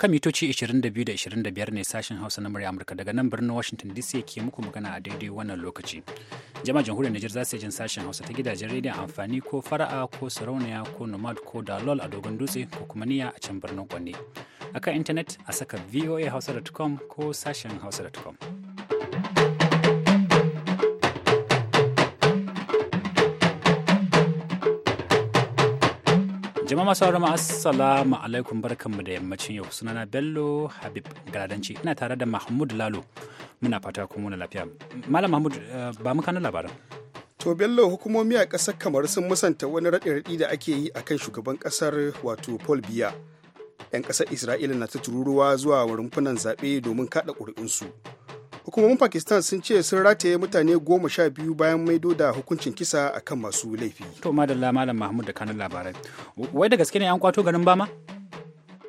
kan mitoci 22 da 25 ne sashen hausa na murya amurka daga nan birnin washington dc ke muku magana a daidai wannan lokaci jama'a jamhuriyar nijar za su jin sashen hausa ta gidajen rediyon amfani ko fara'a ko sarauniya ko nomad ko dalol a dogon dutse ko kuma niyya a can birnin kwanne akan intanet a saka voahausa.com ko sashen hausa.com jama'a masu rama assalamu alaikum barkanmu da yammacin yau sunana bello habib galadanci ina tare da mahmud lalo muna fata kuma na lafiya malam mahmud eh, ba mu kanin labaran to bello hukumomi a ƙasar kamar sun musanta wani raɗe-raɗi da ake yi akan shugaban ƙasar wato paul biya 'yan ƙasar isra'ila na ta tururuwa zuwa rumfunan zaɓe domin kaɗa ƙuri'unsu hukumomin pakistan sun ce sun rataye mutane goma sha biyu bayan maido da hukuncin kisa akan masu laifi to madalla malam mahmud da kanun labarai wai da gaske ne an kwato garin bama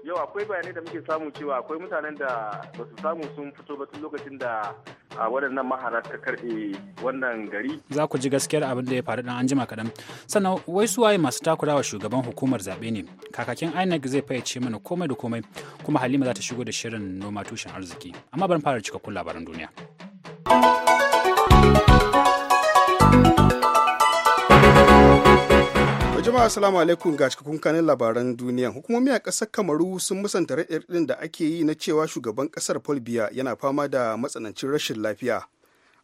yau akwai bayanai da muke samu cewa akwai mutanen da ba su samu sun fito ba tun lokacin da a waɗannan mahara ta karɓe wannan gari. Za ku ji gaskiyar abin da ya faru dan jima kaɗan. Sannan wai su waye masu takurawa shugaban hukumar zaɓe ne. Kakakin INEC zai fayyace mana komai da komai kuma Halima za ta shigo da shirin noma tushen arziki. Amma ban fara cikakkun labaran duniya. jama'a salamu alaikum ga cikakkun kanin labaran duniya hukumomi a ƙasar kamaru sun musanta raɗaɗin da ake yi na cewa shugaban ƙasar paul biya yana fama da matsanancin rashin lafiya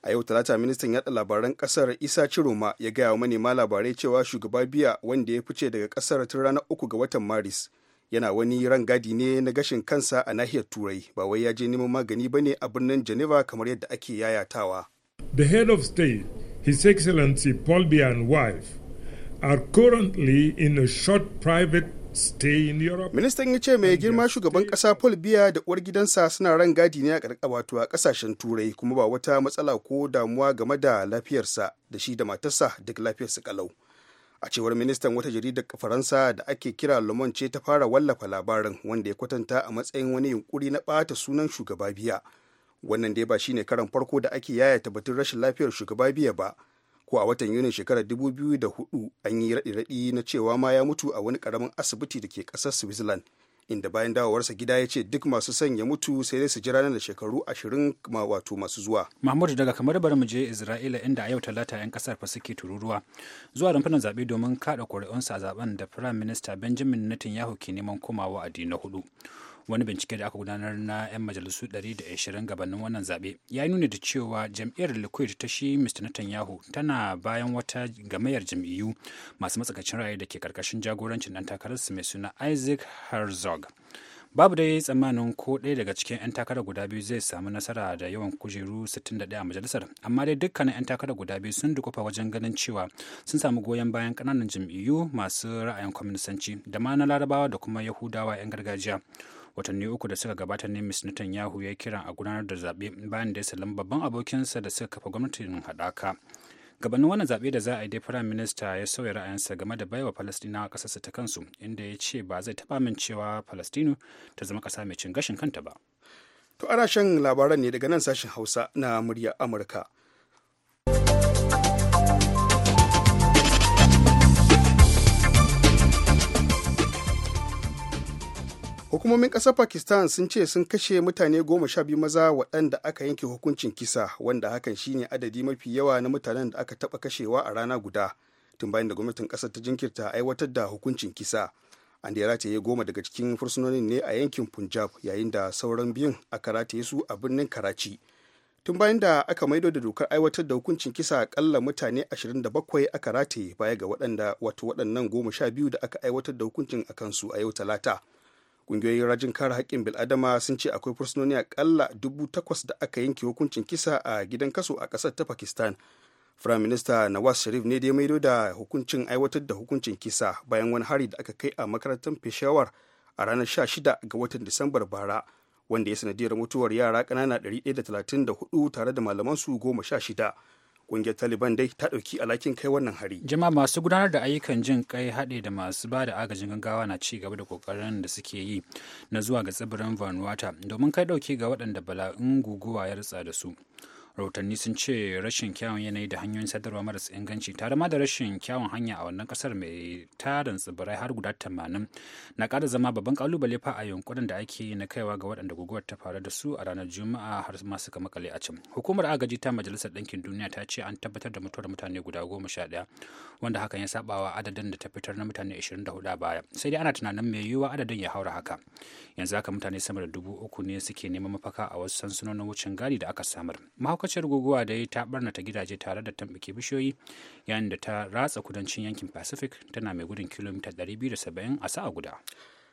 a yau talata ministan yaɗa labaran ƙasar isa ciroma ya gaya wa manema labarai cewa shugaba biya wanda ya fice daga ƙasar tun ranar uku ga watan maris yana wani rangadi ne na gashin kansa a nahiyar turai ba wai ya je neman magani ba ne a birnin geneva kamar yadda ake yayatawa the head of state his excellency paul biya wife are currently in a short Ministan ya ce mai girma shugaban kasa Paul Biya da uwar gidansa suna ran gadi ne a wato a kasashen turai kuma ba wata matsala ko damuwa game da lafiyarsa da shi da matarsa duk lafiyarsa kalau. A cewar ministan wata jaridar Faransa da ake kira Le ce ta fara wallafa labarin wanda ya kwatanta a matsayin wani yunkuri na ɓata sunan shugaba Biya. Wannan dai ba shine karan farko da ake yayata batun rashin lafiyar shugaba Biya ba. ko a watan yunin shekarar 2004 an yi raɗi-raɗi na cewa ma ya mutu a wani ƙaramin asibiti da ke ƙasar switzerland inda bayan dawowarsa gida ya ce duk masu son ya mutu sai dai su jira nan da shekaru ashirin ma wato masu zuwa. Mahmud daga kamar bari mu je Isra'ila inda a yau talata 'yan kasar fa suke tururuwa zuwa rumfunan zaɓe domin kaɗa ƙuri'unsa a zaben da Firayim Minista Benjamin Netanyahu ke neman komawa a na hudu. wani bincike da aka gudanar na 'yan majalisu 120 gabanin wannan zaɓe ya yi nuni da cewa jam'iyyar likwid ta shi mr netanyahu tana bayan wata gamayar jam'iyyu masu matsakaicin ra'ayi da ke karkashin jagorancin dan takararsu mai suna isaac herzog babu dai tsammanin ko ɗaya daga cikin 'yan takarar guda biyu zai samu nasara da yawan kujeru 61 a majalisar amma dai dukkanin 'yan takarar guda biyu sun dukufa wajen ganin cewa sun samu goyon bayan kananan jam'iyyu masu ra'ayin kwaminisanci da ma na larabawa da kuma yahudawa 'yan gargajiya watanni uku da suka gabata ne mr Netanyahu ya kiran a gudanar da zaɓe bayan da ya salami babban abokinsa da suka kafa gwamnatin hadaka gabanin wannan zaɓe da za a yi dai firayim minista ya sauya ra'ayinsa game da baiwa falastinawa ƙasarsa ta kansu inda ya ce ba zai taɓa min cewa falastinu ta zama ƙasa mai cin gashin kanta ba to ana shan labaran ne daga nan sashen hausa na murya amurka hukumomin ƙasar pakistan sun ce sun kashe mutane goma sha biyu maza waɗanda aka yanke hukuncin kisa wanda hakan shine adadi mafi yawa na mutanen da aka taɓa kashewa a rana guda tun bayan da gwamnatin ƙasar ta jinkirta aiwatar da hukuncin kisa an da ya rataye goma daga cikin fursunonin ne a yankin punjab yayin da sauran biyun aka rataye su a birnin karachi tun bayan da aka maido da dokar aiwatar da hukuncin kisa akalla mutane 27 aka rataye baya ga waɗanda wato waɗannan goma sha biyu da aka aiwatar da hukuncin a kansu a yau talata kungiyoyin rajin kare haƙƙin bil'adama sun ce akwai fursunoni akalla dubu takwas da aka yanke hukuncin kisa a gidan kaso a ƙasar ta pakistan firayim minista nawaz sharif ne da ya maido da hukuncin aiwatar da hukuncin kisa bayan wani hari da aka kai a makarantar peshawar a ranar 16 ga watan disambar bara wanda ya sanadiyar mutuwar yara ƙanana 134 tare da malaman su goma sha shida kungiyar taliban dai ta ɗauki alhakin kai wannan hari jama'a masu gudanar da ayyukan jin kai haɗe da masu ba da agajin gaggawa na ci gaba da kokarin da suke yi na zuwa ga tsibirin vanuatu domin kai ɗauki ga waɗanda bala'in guguwa ya ritsa da su rahotanni sun ce rashin kyawun yanayi da hanyoyin sadarwa marasa inganci tare ma da rashin kyawun hanya a wannan kasar mai tarin tsibirai har guda tamanin na ƙara zama babban kalubale fa a yunkurin da ake na kaiwa ga waɗanda guguwar ta faru da su a ranar juma'a har ma suka makale a can hukumar agaji ta majalisar ɗinkin duniya ta ce an tabbatar da mutuwar mutane guda goma sha ɗaya wanda hakan ya sabawa adadin da ta fitar na mutane ashirin da a baya sai dai ana tunanin mai yiwuwa adadin ya haura haka yanzu haka mutane sama da dubu uku ne suke neman mafaka a wasu sansunonin wucin gadi da aka samar mahaukaciyar guguwa da ta barnata gidaje tare da tambake bishiyoyi yayin da ta ratsa kudancin yankin pacific tana mai gudun kilomita 270 a sa'a guda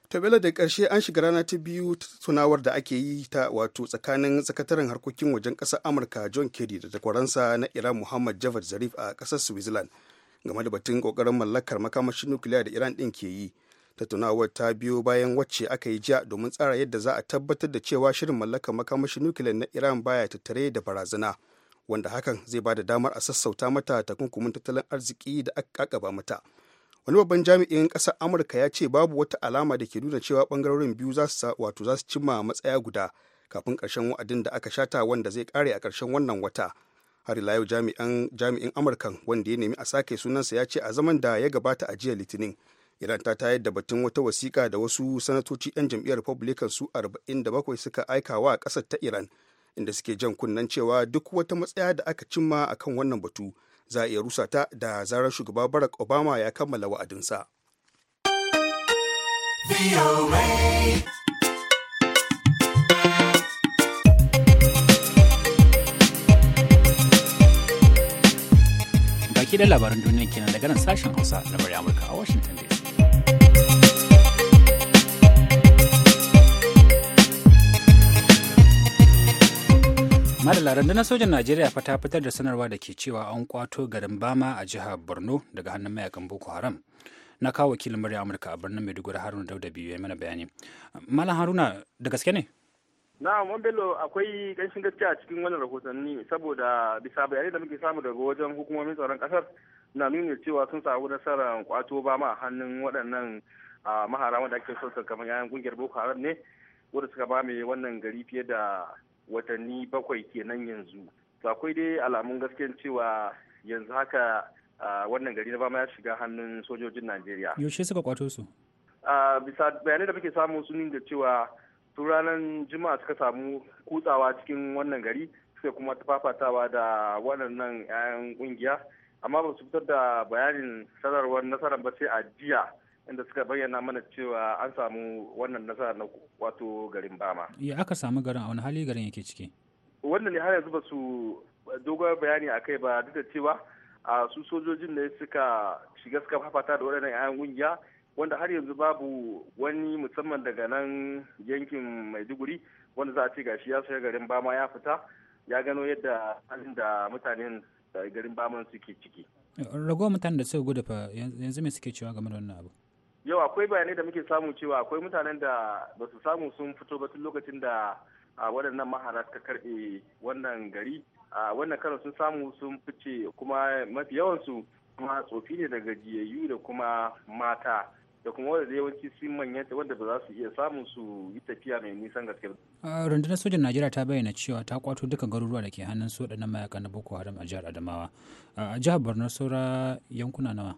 tabbila da karshe an shiga rana ta biyu tunawar da ake yi ta wato tsakanin sakataren harkokin wajen ƙasar amurka john kerry da takwaransa na iran muhammad javad zarif a ƙasar switzerland game da batun ƙoƙarin mallakar makamashin nukiliya da iran ɗin ke yi tattaunawar ta biyo bayan wacce aka yi jiya domin tsara yadda za a tabbatar da cewa shirin mallakar makamashin nukiliyar na iran baya tattare da barazana wanda hakan zai ba da damar a sassauta mata takunkumin tattalin arziki da aka kakaba mata wani babban jami'in ƙasar amurka ya ce babu wata alama da ke nuna cewa bangarorin biyu za su wato za su cimma matsaya guda kafin karshen wa'adin da aka shata wanda zai kare a karshen wannan wata har ila yau jami'in amurkan wanda ya nemi a sake sunansa ya ce a zaman da ya gabata a jiya litinin iran ta tayar da batun wata wasiƙa da wasu sanatoci 'yan jam'iyyar republican su 47 suka aika wa ƙasar ta iran inda suke jan kunnen cewa duk wata matsaya da aka cimma a kan wannan batu za a iya rusa ta da zarar shugaba barack obama ya kammala wa'adinsa baki da labaran duniya kenan daga nan sashen hausa na amurka a washington dc da na sojan najeriya fa fitar da sanarwa da ke cewa an kwato garin bama a jihar borno daga hannun mayakan boko haram na kawo wakilin murya amurka a birnin maiduguri haruna dauda biyu ya mana bayani malam haruna da gaske ne na man bello akwai ƙanshin gaskiya a cikin wannan rahotanni saboda bisa bayanai da muke samu daga wajen hukumomin tsaron kasar na nuna cewa sun samu nasarar kwato bama a hannun waɗannan maharama da ake sosa kamar yayan kungiyar boko haram ne wanda suka ba wannan gari fiye da watanni bakwai kenan yanzu to akwai dai alamun gaskiyan cewa yanzu haka wannan gari na bama ya shiga hannun sojojin najeriya yaushe suka kwato su bisa bayanai da muke samu sun da cewa tun ranar juma'a suka samu kutsawa cikin wannan gari suka kuma tafafatawa da waɗannan 'ya'yan ƙungiya amma ba su fitar da bayanin sanarwar nasarar ba sai a jiya inda suka bayyana mana cewa an samu wannan nasara na wato garin bama ya aka samu garin a wani hali garin yake ciki wannan ne har yanzu ba su dogon bayani a kai ba duk da cewa a su sojojin ne suka shiga suka fafata da waɗannan 'ya'yan kungiya wanda har yanzu babu wani musamman daga nan yankin maiduguri wanda za a ce gashi ya shiga garin bama ya fita ya gano yadda halin da mutanen eh, garin baman suke ciki ragowar mutanen da suka gudu fa yanzu me suke cewa game da wannan abu yau akwai bayanai da muke samu cewa akwai mutanen da ba su samu sun fito ba tun lokacin da waɗannan mahara suka karɓe wannan gari wannan karon sun samu sun fice kuma mafi yawansu kuma tsofi ne da gajiyayyu da kuma mata da kuma wanda da yawanci sun manyanta wanda ba za su iya samu su yi tafiya mai nisan gaske ba. rundunar sojan najeriya ta bayyana cewa ta kwato duka garuruwa da ke hannun su waɗannan mayaka na boko haram a jihar adamawa a jihar borno saura yankuna nawa.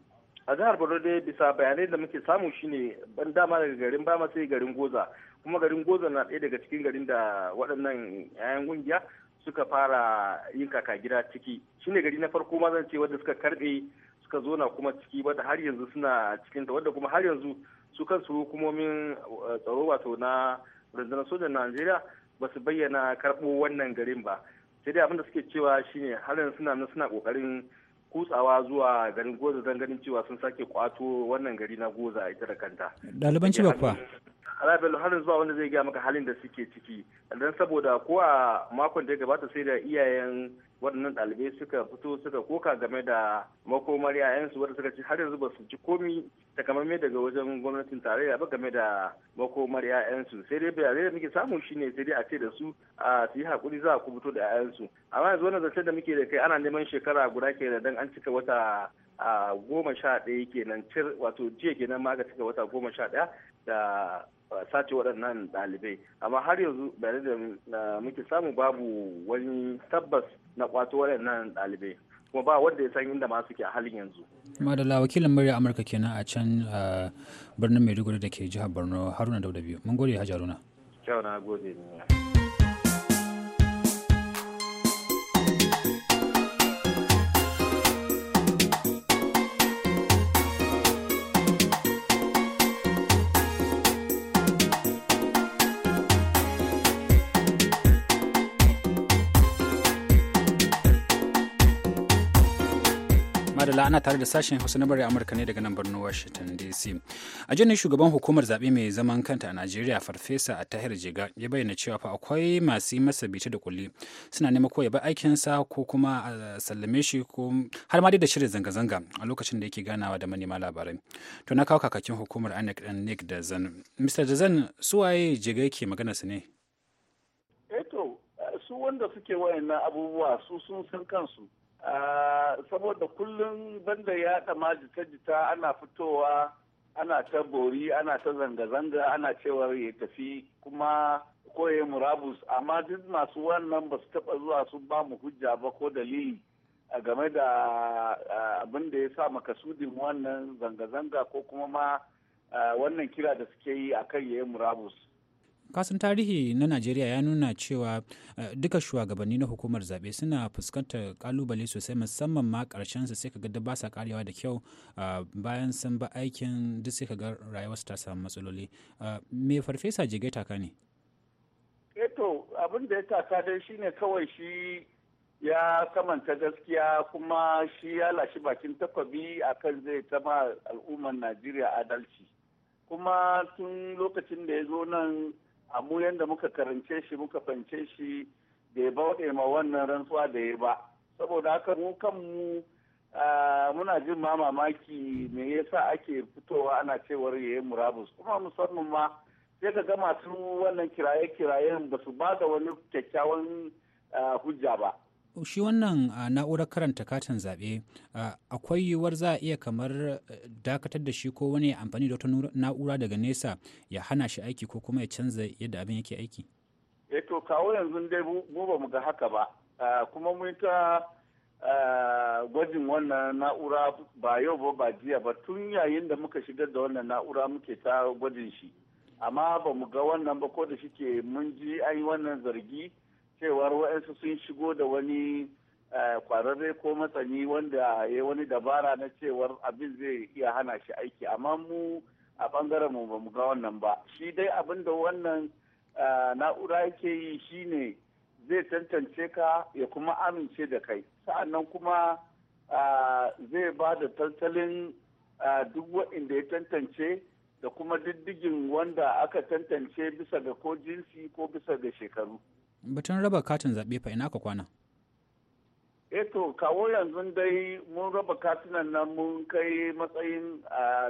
a jihar borno dai bisa bayanai da muke samu shine ban dama daga garin bama sai garin goza kuma garin goza na ɗaya daga cikin garin da waɗannan 'ya'yan ƙungiya suka fara yin kaka gida ciki shine gari na farko ma zan ce wanda suka karɓe suka zo kuma ciki wadda har yanzu suna cikin ta wadda kuma har yanzu su kansu hukumomin eh, tsaro wato na rundunar sojan najeriya ba su bayyana karɓo wannan garin ba sai dai abin da suke cewa shine har yanzu suna nan suna ƙoƙarin kutsawa zuwa garin goza don ganin cewa sun sake kwato wannan gari na goza ita da kanta ɗaliban cibok fa Alabel har zuwa wanda zai gaya maka halin da suke ciki don saboda ko a makon da ya gabata sai da iyayen waɗannan ɗalibai suka fito suka koka game da makomar yayansu wadda suka ci har yanzu ba su ci komi takamaimai daga wajen gwamnatin tarayya ba game da makomar yayansu sai dai bayanai da muke samu shine sai dai a ce da su a su yi hakuri za a fito da yayansu amma yanzu wannan zancen da muke da kai ana neman shekara guda da dan an cika wata a goma sha ɗaya kenan cir wato jiya kenan ma aka cika wata goma sha ɗaya da sace waɗannan ɗalibai amma har yanzu bayanai da muke samu babu wani tabbas na kwato waɗannan ɗalibai kuma ba wanda ya san inda ma suke a halin yanzu. madala wakilin murya Amurka kenan a can a ah, birnin Maiduguri da ke jihar Borno Haruna Dauda biyu. Mun gode Hajaruna. Kyau na gode. Abdullah ana tare da sashen hausa na bari amurka ne daga nan birnin washington dc a jini shugaban hukumar zaɓe mai zaman kanta a najeriya farfesa a tahir jega ya bayyana cewa fa akwai masu yi masa bita da kulli suna neman ko ya bi sa ko kuma a sallame shi ko har ma dai da shirin zanga-zanga a lokacin da yake ganawa da manema labarai to na kawo kakakin hukumar Anik dan nick da zan mr da su waye Jiga yake magana su ne eto eh su wanda suke wayannan abubuwa su sun san kansu saboda kullum banda ya ma jita-jita ana fitowa ana ta bori ana ta zanga-zanga ana cewa ya tafi kuma koye murabus amma duk masu wannan ba su taba zuwa sun ba mu hujja ba ko dalili a game da abin da ya sa makasudin wannan zanga-zanga ko kuma ma wannan kira da suke yi akan yayi murabus kasan tarihi na najeriya ya nuna cewa eh, duka shugabanni na hukumar zaɓe suna fuskantar kalubale sosai musamman ma ƙarshen su sai kaga da ba sa karewa da kyau ah, bayan sun ba aikin duk sai kaga rayuwarsu ta samu matsaloli ah, me farfesa jigai taka ne eto eh abin da ya taka dai shine kawai shi ya kamanta gaskiya kuma shi ya lashi bakin takwabi akan zai zama al'ummar najeriya adalci kuma tun lokacin da ya zo nan a mu yanda muka karance shi muka fance shi da ya bauɗe ma wannan rantsuwa da ya ba saboda haka mu kanmu muna jin ma mamaki me yasa ake fitowa ana cewar ya yi murabus kuma musamman ma sai ka gama masu wannan kiraye-kirayen ba su ba da wani kyakkyawan hujja ba shi wannan na'urar karanta katin zaɓe akwai yiwuwar za a iya kamar eh, dakatar da shi ko wani amfani da wata na'ura daga nesa ya hana shi aiki ko kuma ya canza yadda abin yake aiki e to kawo yanzu dai mu ba mu ga haka ba kuma mun ta gwajin wannan na'ura ba yau ba ba jiya ba tun yayin da muka shigar da wannan na'ura muke ta gwajin shi amma ba mu ga wannan ba ko da shike mun ji an yi wannan zargi cewar wa'ansu sun shigo da wani eh, kwararre ko matsani wanda ya wani dabara na cewar abin zai iya hana shi aiki amma mu a bangaren mu ba mu ga wannan ba shi dai abin da wannan eh, na'ura yake yi shine zai tantance ka ya kuma amince da kai sa'annan kuma eh, zai ba da tattalin duk waɗanda ya tantance da kuma diddigin wanda aka tantance bisa ga ko jinsi ko bisa ga shekaru batun raba katin zaɓe fa ina ka kwana eto eh kawo yanzu dai mun raba katunan nan mun kai matsayin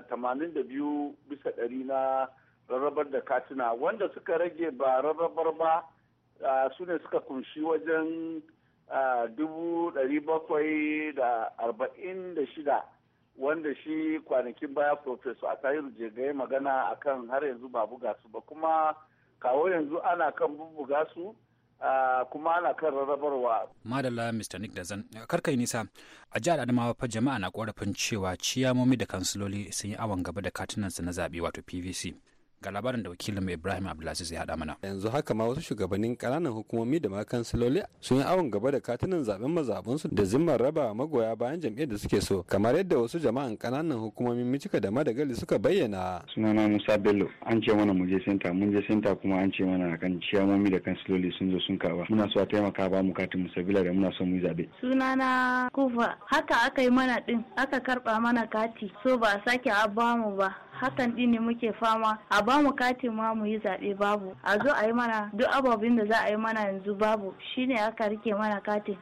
tamanin da biyu bisa ɗari na rarrabar da katuna wanda suka rage ba rarrabar ba su ne suka kunshi wajen dubu ɗari bakwai da arba'in da shida wanda shi kwanakin baya professor atahiru jega ya magana akan har yanzu ba buga su ba kuma kawo yanzu ana kan bubuga su Ah, kuma ana kan rarrabarwa. Madalla Mr. Nick Dazan, karka yi nisa, a jihar Adamawa fa jama'a na korafin cewa ciyamomi da kansiloli sun yi awon gaba da katunansu na zaɓe wato PVC. ga labarin da wakilin ibrahim abdulaziz ya haɗa mana yanzu haka ma wasu shugabannin ƙananan hukumomi da makan kansiloli sun yi awon gaba da katunan zaben mazabunsu da zimmar raba magoya bayan jam'iyyar da suke so kamar yadda wasu jama'an ƙananan hukumomin micika da madagali suka bayyana sunana musa bello an ce mana mu je senta mun je senta kuma an ce mana kan ciyamomi da kansiloli sun zo sun karba muna so a taimaka ba mu katin mu sabila da muna so mu zabe sunana kufa haka aka yi mana din aka karba mana kati so ba sake a ba mu ba hakan din ne muke fama a ba mu katin ma mu yi zaɓe babu a zo a yi mana duk ababin da za a yi mana yanzu babu shine aka rike mana katin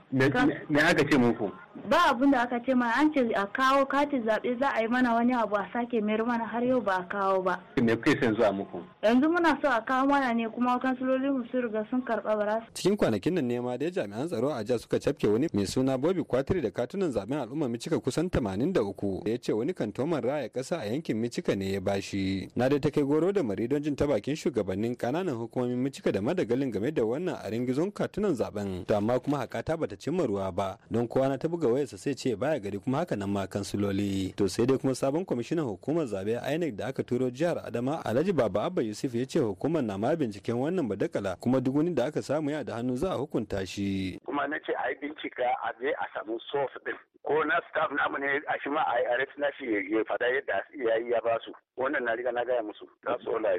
me aka ce muku ba abin da aka ce ma, an ce a kawo katin zaɓe za a yi mana wani abu a sake mayar mana har yau ba a kawo ba. Me kuke son zuwa muku? Yanzu muna so a kawo mana ne kuma kansilolin mu sun riga sun karɓa bara. Cikin kwanakin nan ne ma dai jami'an tsaro a jiya suka cafke wani mai suna Bobby Kwatiri da katunan zaɓen al'umma Micika kusan tamanin da uku ya ce wani kantoman raya ƙasa a yankin Micika ne ya bashi. Na dai ta kai goro da mari don jin ta bakin shugabannin ƙananan hukumomin Micika da madagalin game da wannan a ringizon katunan zaɓen. To amma kuma hakata bata cimma ruwa ba don kowa na ta buga buga wayarsa sai ce baya gari kuma haka nan ma kansuloli to sai dai kuma sabon kwamishinan hukumar zabe INEC da aka turo jihar Adama Alhaji Baba Abba Yusuf ya ce hukumar na ma binciken wannan badakala kuma duk wani da aka samu ya da hannu za a hukunta shi kuma na ce a yi bincika a je a samu source din ko na staff namu ne a shi ma a yi arrest na shi ya fada yadda ya yi ya basu wannan na riga na gaya musu ta all I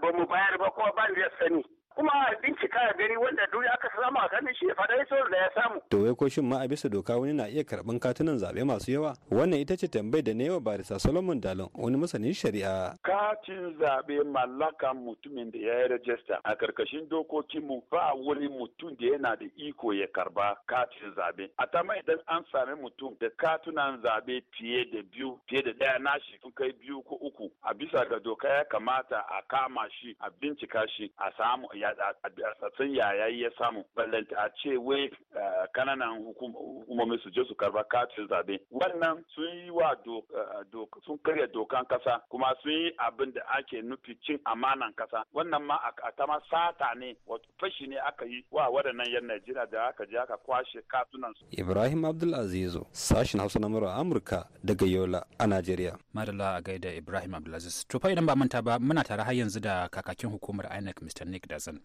ba mu bayar ba ko ba ni sani kuma a bincika ya gani wanda duk aka samu a kanin shi ya faɗa ya da ya samu. To wai ko shin ma a bisa doka wani na iya karɓan katunan zaɓe masu yawa? Wannan ita ce tambayar da na wa barisa Solomon Dalon wani masanin shari'a. Katin zaɓe mallaka mutumin da ya yi rajista a karkashin mu ba wani mutum da yana da iko ya karba katin zaɓe. A tama idan an sami mutum da katunan zaɓe fiye da biyu fiye da ɗaya nashi sun kai biyu ko uku a bisa ga doka ya kamata a kama shi a bincika shi a samu a san yaya ya samu ballanta a ce wai eh, kananan hukumomi su je su karba katin zabe wannan sun yi wa eh, sun karya dokan kasa kuma sun yi abin da ake nufi cin amanan kasa wannan ma a ma sata ne wato fashi ne aka yi wa waɗannan yan Najeriya da aka je aka kwashe katunan su Ibrahim Azizu sashin Hausa na Amurka daga Yola a Najeriya Madalla a gaida Ibrahim Abdul tofa To idan ba manta ba muna tare har yanzu da kakakin hukumar INEC Mr. Nick Dazan.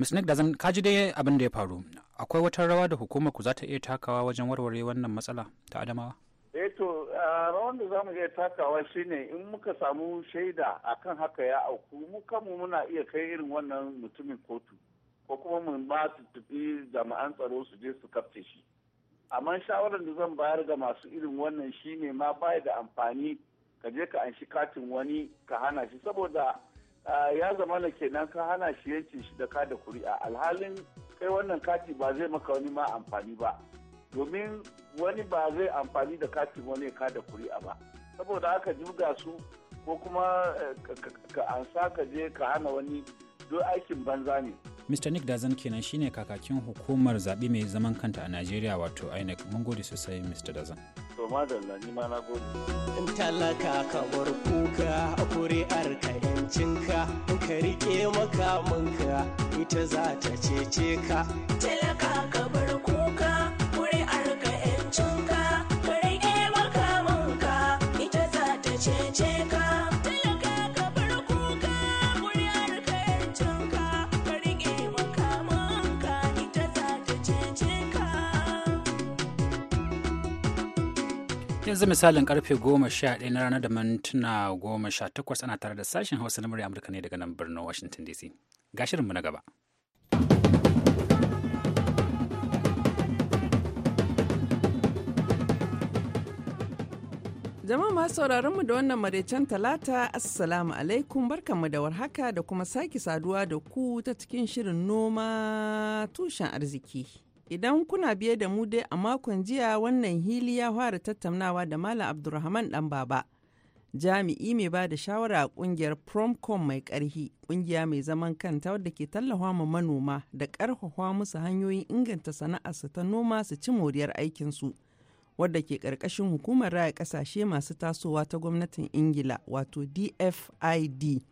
Mr. Nick Dazan ka ji dai abin da ya faru. Akwai wata rawa da hukumar ku za ta iya takawa wajen warware wannan matsala ta Adamawa? Eh to rawan da za mu iya takawa shine in muka samu shaida akan haka ya auku mu kanmu muna iya kai irin wannan mutumin kotu ko kuma mu su tafi jami'an tsaro su je su kafce shi. amma shawarar da zan bayar ga masu irin wannan shine ma bai da amfani ka je ka anshi katin wani ka hana shi saboda ya zama na kenan ka hana shi yancin shi da kada kuri'a alhalin kai wannan kati ba zai maka wani ma amfani ba domin wani ba zai amfani da katin wani ka da kuri'a ba saboda aka juga su ko kuma eh, ka ansa ka je ka hana wani do aikin banza ne Mr. Nick Dazan kenan shine kakakin hukumar zaɓe mai zaman kanta a Najeriya wato INEC. Mun gode sosai Mr. Dazan. To madalla ni ma na gode. In talaka ka bar kuka kuri'ar ka yancinka in ka riƙe makamanka ita za ta cece ka. Talaka yanzu misalin karfe 11 na ranar da mintuna 18 ana tare da sashen hausa na murya amurka ne daga nan birnin washington dc ga shirinmu na gaba Jama'a masu sauraron da wannan maraicen talata assalamu alaikum barkanmu da warhaka da kuma sake saduwa da ku ta cikin shirin noma tushen arziki Idan kuna biye da mu dai a makon jiya wannan hili ya fara tattaunawa da Malam Abdulrahman dan baba. Jami'i mai ba da shawara a kungiyar Promcom mai karhi, kungiya mai zaman kanta wadda ke tallafa ma manoma da karfafa musu hanyoyin inganta sana'arsu ta noma su ci moriyar aikinsu. Wadda ke karkashin hukumar raya kasashe masu tasowa ta gwamnatin Ingila wato DFID.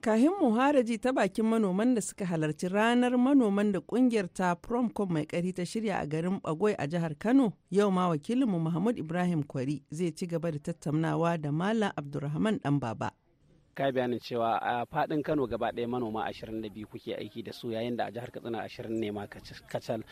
Kahin muharaji ta bakin manoman da suka halarci ranar manoman da kungiyar ta Promcom mai kari ta shirya a garin Bagoi a jihar Kano, yau ma wakilinmu Muhammad Ibrahim Kwari zai ci gaba da tattaunawa da Malam Abdulrahman dan Baba. ka bayanin cewa a fadin kano gaba ɗaya manoma 22 kuke aiki da su yayin da a jihar katsina 20 ne ma kacal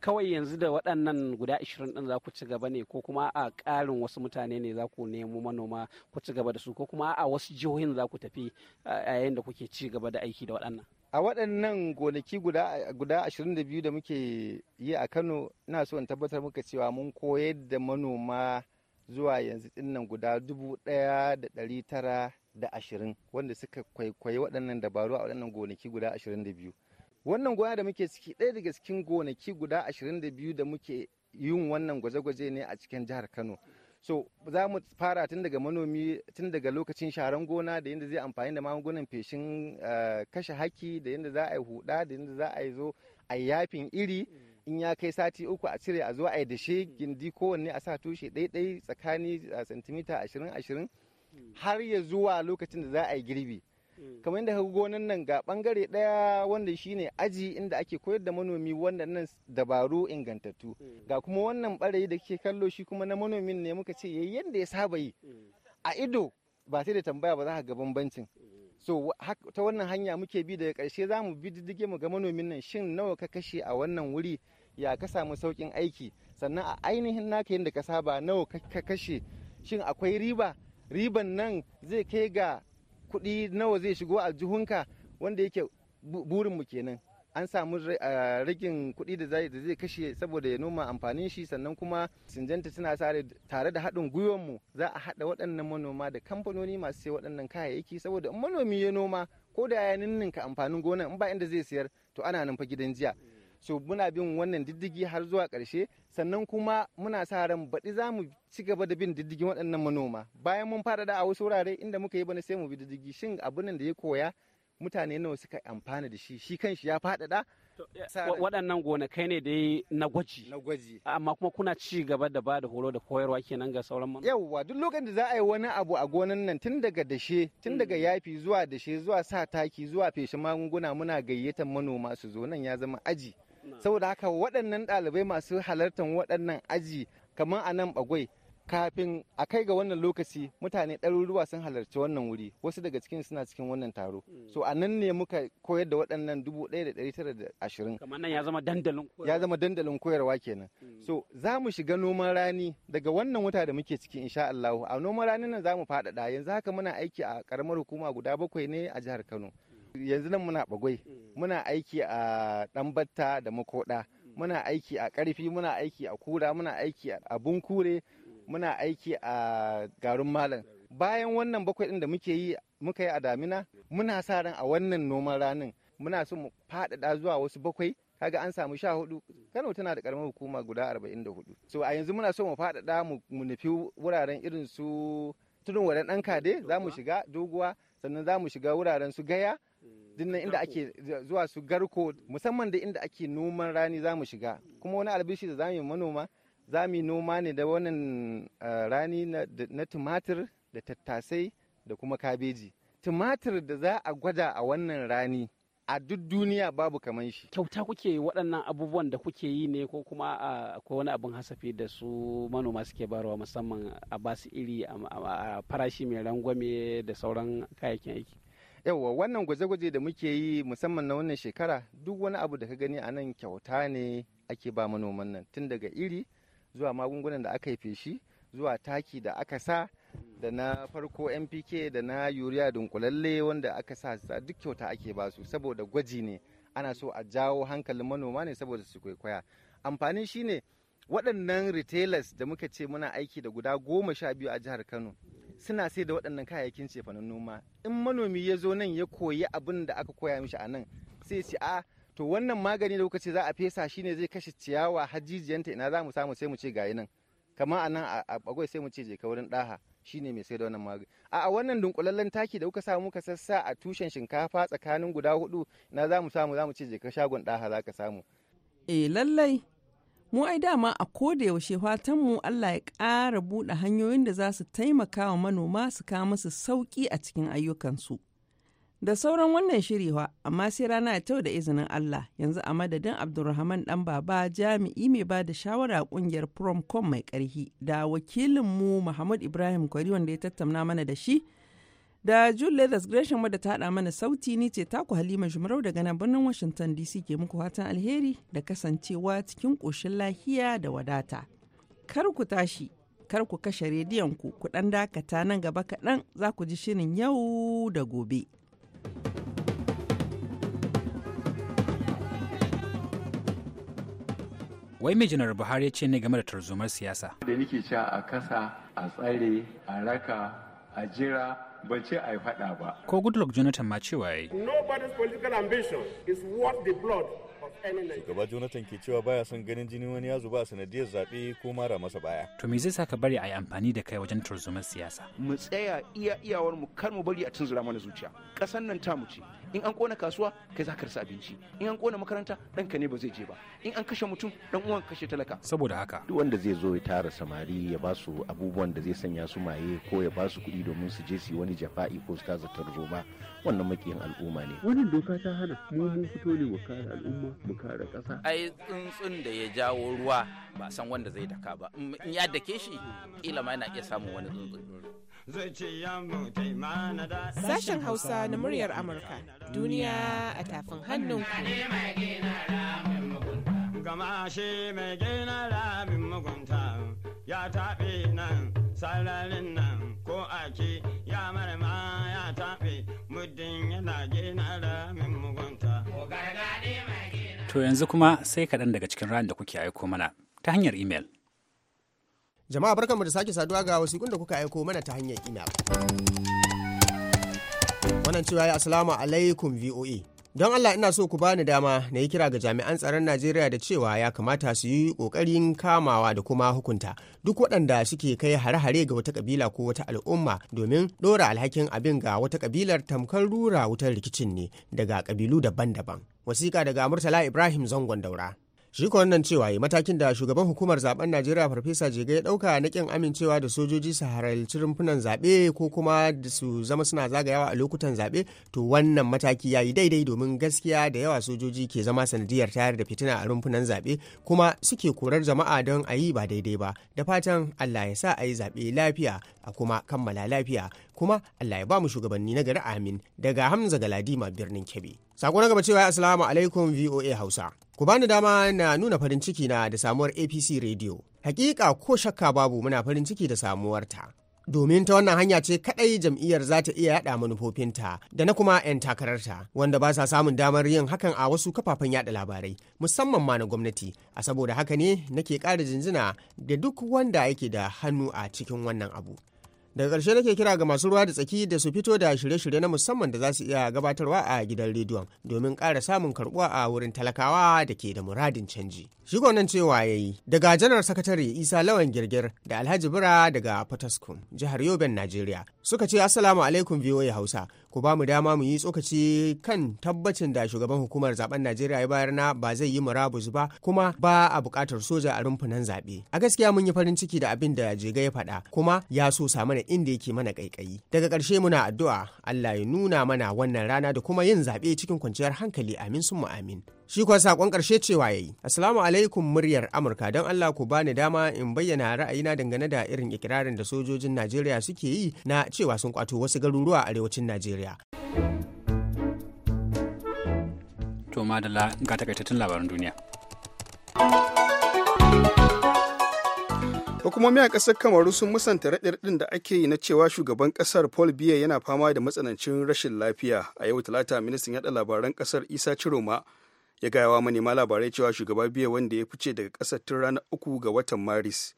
kawai yanzu da waɗannan guda 20 ɗin za ku ci gaba ne ko kuma a ƙarin wasu mutane ne za ku nemo manoma ku ci gaba da su ko kuma a wasu jihohin za ku tafi yayin da kuke ci gaba da aiki da waɗannan a waɗannan gonaki guda guda 22 da muke yi a kano ina so in tabbatar muka cewa mun koyar da manoma zuwa yanzu dinnan guda dubu ɗaya da ɗari tara da ashirin wanda suka kwaikwayi waɗannan dabaru a waɗannan gonaki guda ashirin da biyu wannan gona da muke ciki ɗaya daga cikin gonaki guda ashirin da biyu da muke yin wannan gwaje-gwaje ne a cikin jihar kano so za mu fara tun daga manomi tun daga lokacin sharan gona da yadda zai amfani da magungunan feshin eh, kashe haki da yadda za a yi huda da yadda za a yi zo a yafin iri in ya kai sati uku a cire a zo a yi dashe gindi kowanne a sa tushe ɗaiɗai tsakani a santimita ashirin ashirin har ya zuwa lokacin da za a yi girbi mm. kamar yadda kaga gonan nan ga bangare daya wanda shine aji inda ake koyar da manomi wannan dabaru ingantattu mm. ga kuma wannan barayi da kike kallo shi kuma na manomin ne muka ce yayi yadda ya saba yi mm. a ido ba sai da tambaya ba za ka ga bambancin so ta wannan hanya muke bi daga karshe za mu bi diddige mu ga manomin nan shin nawa ka kashe a wannan wuri ya ka samu saukin aiki sannan a ainihin naka yadda ka saba nawa ka kashe shin akwai riba riban nan zai kai ga kuɗi nawa zai shigo a jihunka wanda yake burinmu kenan an samu ragin kuɗi da zai kashe saboda ya noma amfanin shi sannan kuma sinjanta suna sare tare da haɗin gwiwanmu za a haɗa waɗannan manoma da kamfanoni masu sai waɗannan kayayyaki saboda manomi ya noma ko da ya ninninka amfanin gona in ba inda zai sayar to ana nan fa gidan jiya so muna bin wannan diddigi har zuwa ƙarshe sannan kuma muna sa ran baɗi za mu ci gaba da bin diddigin waɗannan manoma bayan mun fara da a wasu wurare inda muka yi bane sai mu bi diddigi shin abin da ya koya mutane nawa suka amfana da shi shi kanshi ya faɗaɗa waɗannan gonakai ne da yi na gwaji amma kuma kuna ci gaba da ba da horo da koyarwa kenan ga sauran manoma yawwa duk lokacin da za a yi wani abu a gonan nan tun daga dashe tun daga mm. yafi zuwa dashe zuwa sa taki zuwa feshin magunguna muna gayyatar manoma su zo nan ya zama aji saboda haka waɗannan ɗalibai masu halartar waɗannan aji kamar a nan bagwai kafin a kai ga wannan lokaci mutane ɗaruruwa sun halarci wannan wuri wasu daga cikin suna cikin wannan taro hmm. so a nan ne muka koyar da waɗannan dubu ya zama dandalin koyarwa ya zama kenan hmm. so za mu shiga noman rani daga wannan wuta da muke ciki insha Allah a noman ranin nan za mu faɗaɗa yanzu haka muna aiki a ƙaramar hukuma guda bakwai ne a jihar Kano yanzu nan muna bagwai mm. muna aiki a ɗanbatta da makoɗa mm. muna aiki a karfi muna aiki a kura muna aiki a kure mm. muna aiki a garin malam bayan wannan bakwai ɗin da muke yi muka yi a damina muna sa ran a wannan noman ranin muna so mu faɗaɗa zuwa wasu bakwai kaga an samu sha hudu kano tana da karamar hukuma guda arba'in da hudu so a yanzu muna so mu faɗaɗa mu nufi wuraren irin su tudun wadan ɗan kade za mu shiga doguwa sannan za mu shiga wuraren su gaya dinnan inda ake zuwa su garko musamman da inda ake noman rani za mu shiga kuma wani albishi da za mu manoma za mu noma ne da wannan eh, rani na tumatir da tattasai da kuma kabeji tumatir da za a gwada a wannan rani a duk duniya babu kaman shi kyauta kuke waɗannan abubuwan da kuke yi ne ko kuma akwai wani abin hasafi da su manoma suke barawa musamman a basu iri a farashi mai rangwame da sauran kayayyakin aiki yawa wannan gwaje-gwaje da muke yi musamman na wannan shekara duk wani abu da ka gani a nan kyauta ne ake ba manoman nan tun daga iri zuwa magungunan da aka yi shi zuwa taki da aka sa da na farko mpk da na yuriya dunkulalle wanda aka sa duk kyauta ake ba su saboda gwaji ne ana so a jawo hankalin manoma ne saboda su kwaikwaya amfanin shine waɗannan retailers da muka ce muna aiki da guda goma sha biyu a jihar kano suna sai da waɗannan kayayyakin cefanen noma in manomi ya zo nan ya koyi abin da aka koya mishi a nan sai ce a ah, to wannan magani da kuka ce za a fesa shi ne zai kashe ciyawa hajijiyanta ina za mu samu sai mu ce gayi nan kamar a nan a bagwai sai mu ce je ka wurin ɗaha ne mai sai da wannan magani a wannan dunkulallen taki da kuka samu muka sassa a tushen shinkafa tsakanin guda hudu ina za mu samu za mu ce je ka shagon daha za ka samu eh lallai mu ai dama a ko da yaushe fatan mu Allah ya ƙara buɗe hanyoyin da za su taimaka wa manoma su kawo musu sauƙi a cikin ayyukansu. Da sauran wannan shiri wa amma sai rana ya tau da izinin Allah yanzu a madadin Abdulrahman dan baba jami'i mai ba da shawara kungiyar Promcom mai ƙarfi da wakilin mu Muhammad Ibrahim Kwari wanda ya tattauna mana da shi. da jule Leathers Gresham wadda ta hada mana sauti ni ce taku Halima Jumarau daga nan birnin Washington DC ke muku fatan alheri da kasancewa cikin koshin lahiya da wadata. Kar ku tashi, kar ku kashe rediyon ku ku dakata nan gaba kaɗan za ku ji shirin yau da gobe. wai mai janar buhari ya ce ne game da tarzomar siyasa da nike cewa a kasa a tsare a raka a jira ban ce a yi faɗa ba. Ko Goodluck Jonathan ma cewa yi. Nobody's political ambition is worth the blood Shugaba Jonathan ke cewa baya son ganin jini wani ya zuba sanadiyar zaɓe ko mara masa baya. To me zai sa ka bari a yi amfani da kai wajen turzumar siyasa? Mu tsaya iya iyawar mu kar mu bari a tunzura mana zuciya. Ƙasar nan ta mu ce. in an kona kasuwa kai za ka rasa abinci in an kona makaranta ka ne ba zai je ba in an kashe mutum dan uwan kashe talaka saboda haka duk wanda zai zo ya tara samari ya ba su abubuwan da zai sanya su maye ko ya ba su kuɗi domin su je su wani jafa'i ko su taza tarzoma wannan makiyin al'umma ne wannan doka ta hana mu mu fito ne mu kare al'umma mu kare ƙasa ai tsuntsun da ya jawo ruwa ba san wanda zai daka ba in ya dake shi kila ma yana iya samun wani tsuntsun zai ce Sashen Hausa na muryar Amurka, duniya a tafin hannun ku. Gama shi mai gina rabin mugunta ya taɓe nan sararin nan ko ake ya marama ya taɓe muddin yana gina rabin mugunta. To yanzu kuma sai kaɗan daga cikin ran da kuke aiko mana ta hanyar imel. Jama'a barkanmu da sake saduwa ga wasiƙun da kuka aiko mana ta hanyar email. Wannan cewa ya asalamu alaikum VOA. Don Allah ina so ku bani dama na yi kira ga jami'an tsaron Najeriya da cewa ya kamata su yi ƙoƙarin kamawa da kuma hukunta duk waɗanda suke kai hare-hare ga wata kabila ko wata al'umma domin ɗora alhakin abin ga wata kabilar tamkar rura wutar rikicin ne daga kabilu daban-daban. Wasiƙa daga Murtala Ibrahim Zangon Daura. shi ko wannan cewa yi matakin da shugaban hukumar zaben najeriya farfesa jega ya dauka na kin amincewa da sojoji su haralci rumfunan zaɓe ko kuma su zama suna zagayawa a lokutan zaɓe to wannan mataki ya yi daidai domin gaskiya da yawa sojoji ke zama sanadiyar tayar da fitina a rumfunan zaɓe kuma suke korar jama'a don a yi ba daidai ba da fatan allah ya sa a yi zaɓe lafiya a kuma kammala lafiya kuma allah ya ba mu shugabanni na gari amin daga hamza galadima birnin kebbi sako na gaba cewa assalamu alaikum voa hausa Ku bani dama na nuna farin ciki na da samuwar APC Radio. Hakika ko shakka babu muna farin ciki da samuwarta. Domin ta wannan hanya ce kadai jam'iyyar za ta iya yada manufofinta da na kuma 'yan takararta wanda ba sa samun damar yin hakan a wasu kafafen yada labarai musamman ma na gwamnati. A saboda haka ne nake kara jinjina da duk wanda yake da hannu a cikin wannan abu. daga ƙarshe nake kira ga masu ruwa da tsaki da su fito da shirye-shirye na musamman da za su iya gabatarwa a gidan rediyon domin ƙara samun karɓuwa a wurin talakawa da ke da muradin canji shi nan cewa ya yi daga janar sakatare isa lawan girgir da alhaji bira daga fataskum jihar yoben najeriya suka ce assalamu alaikum voa hausa ku ba mu dama mu yi tsokaci kan tabbacin da shugaban hukumar zaben najeriya ya bayar na ba zai yi murabus ba kuma ba a buƙatar soja a rumfunan zaɓe a gaskiya mun yi farin ciki da abin da jega ya faɗa kuma ya so samu inda yake mana ƙaiƙayi daga karshe muna addu'a Allah ya nuna mana wannan rana da kuma yin zaɓe cikin kwanciyar hankali amin sun mu amin shi kuwa sakon ƙarshe cewa yayi assalamu alaikum muryar amurka don Allah ku bani dama in bayyana ra'ayina dangane da irin ikirarin da sojojin Najeriya suke yi na cewa sun kwato wasu garuruwa a arewacin Najeriya to madalla ga takaitattun labaran duniya hukumomi a ƙasar kamaru sun musanta raɗe-raɗin da ake yi na cewa shugaban kasar paul biya yana fama da matsanancin rashin lafiya a yau talata ministan yaɗa labaran ƙasar isa ciroma ya gayawa manema labarai cewa shugaba biya wanda ya fice daga ƙasar tun ranar uku ga watan maris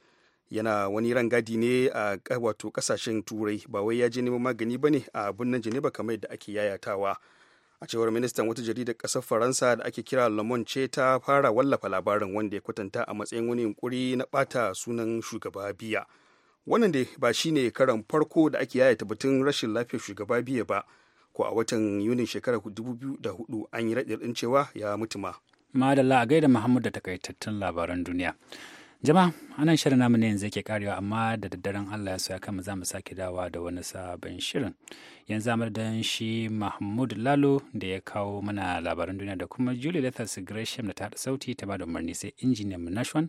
yana wani rangadi ne a wato ƙasashen turai ba wai ya je neman magani ba ne a birnin jeneba kamar yadda ake yayatawa a cewar ministan wata jaridar ƙasar faransa da ake kira lamon ce ta fara wallafa labarin wanda ya kwatanta a matsayin wani yunkuri na ɓata sunan shugaba biya wannan da ba shi ne karan farko da ake yayata batun rashin lafiyar shugaba biya ba ko a watan yunin shekarar 2004 an yi raɗaɗin cewa ya mutuma ma madalla a gaida muhammad da takaitattun labaran duniya jama'a anan shirin namu ne yanzu yake karewa amma da daddaren allah ya soya kama za mu sake dawa da wani sabon shirin yanzu amur shi mahmud lalo da ya kawo mana labaran duniya da kuma julie lethas gresham da ta haɗa sauti ta bada umarni sai injiniyan mu nashwan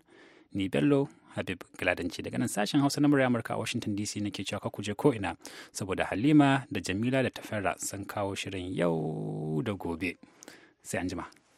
ni bello habib gladanci daga nan sashen hausa na murya amurka a washington dc nake cewa ka kuje ko ina saboda halima da jamila da tafarra sun kawo shirin yau da gobe sai anjima.